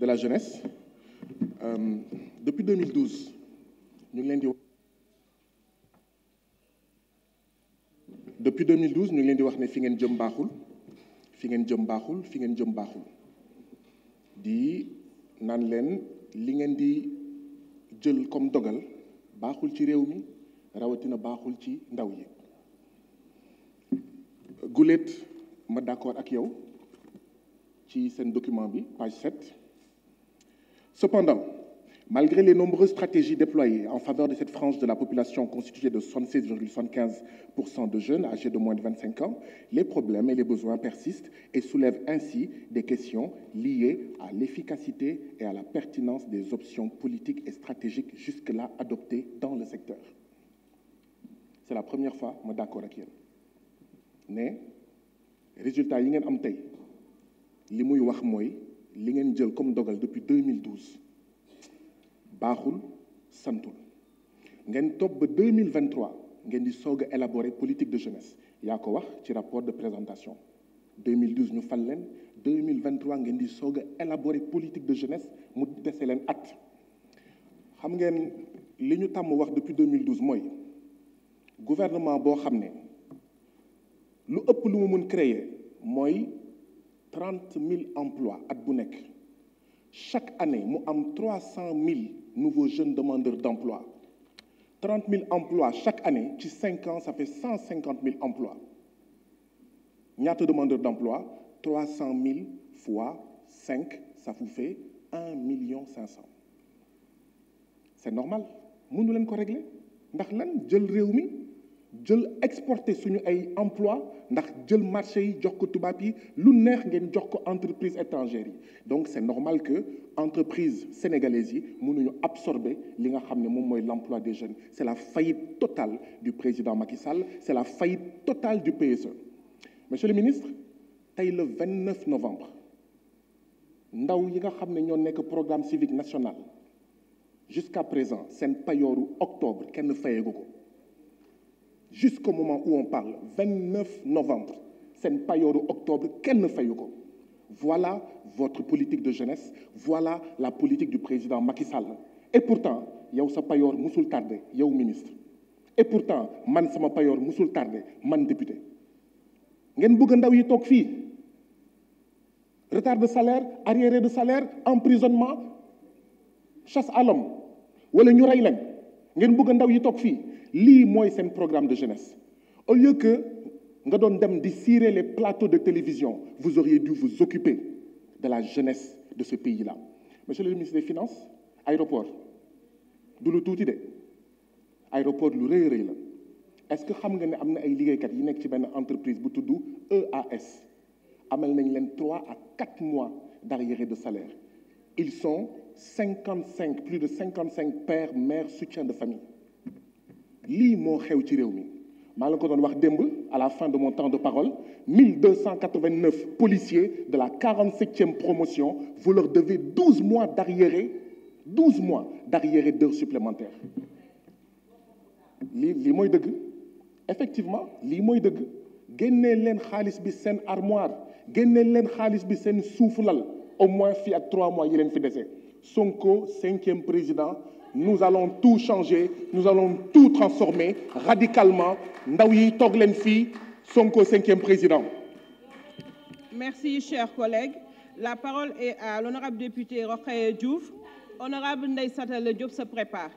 de la jeunesse euh, depuis ñu ngi leen di depuis 2012 ñu ngi leen di wax ne fi ngeen jëm baaxul fi ngeen jëm baaxul fi ngeen jëm baaxul di naan leen li ngeen di jël comme dogal baaxul ci réew mi rawatina baaxul ci ndaw yi Goulet ma d'accord ak yow ci seen document bi page 7 cependant malgré les nombreuses stratégies déployées en faveur de cette frange de la population constituée de 76,75% de jeunes âgés de moins de 25 ans, les problèmes et les besoins persistent et soulèvent ainsi des questions liées à l'efficacité et à la des options politiques et stratégiques jusque-là adoptées dans le secteur. C'est la première fois, moi d'accord avec elle. ne résultat yi ngeen am tey li muy wax mooy li ngeen jël comme dogal depuis 2012 baaxul santul ngeen topp ba 2023 ngeen di soog a élaborer politique de jeunesse yaa ko wax ci rapport de présentation 2012 ñu fal leen 2023 ngeen di soog a élaborer politique de jeunesse mu dese leen at xam ngeen li ñu tàmm wax depuis 2012 mooy gouvernement boo xam ne lu ëpp lu mu mën créer mooy trente mille emplois at bu nekk chaque année mu am trois cent mille nouveaux jeunes demandeurs d'emploi trente mille emplois chaque année ci cinq ans ça fait cent cinquante mille emplois ñaata demandeurs d'emploi trois cent mille fois cinq ça vous fait un million cinq cent c'est normal mënu leen ko régler ndax lan jël réew mi jël exporter suñu ay emploi ndax jël marché yi jox ko tubaab yi lu neex ngeen jox ko entreprise étrangère yi donc c'est normal que entreprise sénégalaise yi mënuñu absorber li nga xam ne moom mooy l'emploi des jeunes c'est la faillite total du président Macky Sall c'est la faillite total du PSE monsieur le ministre tey le 29 novembre ndaw yi nga xam ne ñoo nekk programme civique national jusqu'à présent seen payooru octobre kenn fayeegu ko jusqu'au moment où on parle 29 novembre seen payooru octobre kenn fayu ko voilà votre politique de jeunesse voilà la politique du président Macky Sall et pourtant yow sa payoor musul tardé yow ministre et pourtant man sama payoor musul tardé man député ngeen bëgg ndaw yi toog fii retard de salaire arriéré de salaire emprisonnement chasse à l'homme wala ñu rey leen ngeen bëgg ndaw yi toog fii lii mooy seen programme de jeunesse au lieu que nga doon dem di cirer les plateaux de télévision vous auriez dû vous occuper de la jeunesse de ce pays-là monsieur le ministre des finances aéroport du lu tuuti de aéroport lu rëye rëy la est-ce que xam nga ne am na ay liggéeykat yi nekk ci benn entreprise bu tudd EAS amal nañ leen trois à quatre mois d'arriérés de salaire Ils sont 55 plus de 55 pères mères soutiens de famille lii moo xew ci réew mi maa la ko doon wax démb à la fin de mon temps de parole 1289 policiers de la 47e promotion vous leur devez 12 mois d'arriérés 12 mois d'arriérés d'heures supplémentaires lii lii mooy dëgg effectivement lii mooy dëgg génnee leen xaalis bi seen armoire génnee leen xaalis bi seen suufu lal au moins fii ak trois mois yi leen fi dese Sonko cinquième président nous allons tout changer nous allons tout transformer radicalement ndaw yi toog leen fii Sonko cinquième président. Merci, chers collègues. La parole est à l'honorable député Rokhaya Diouf. Honorable Ndeye Satale Diop se prépare.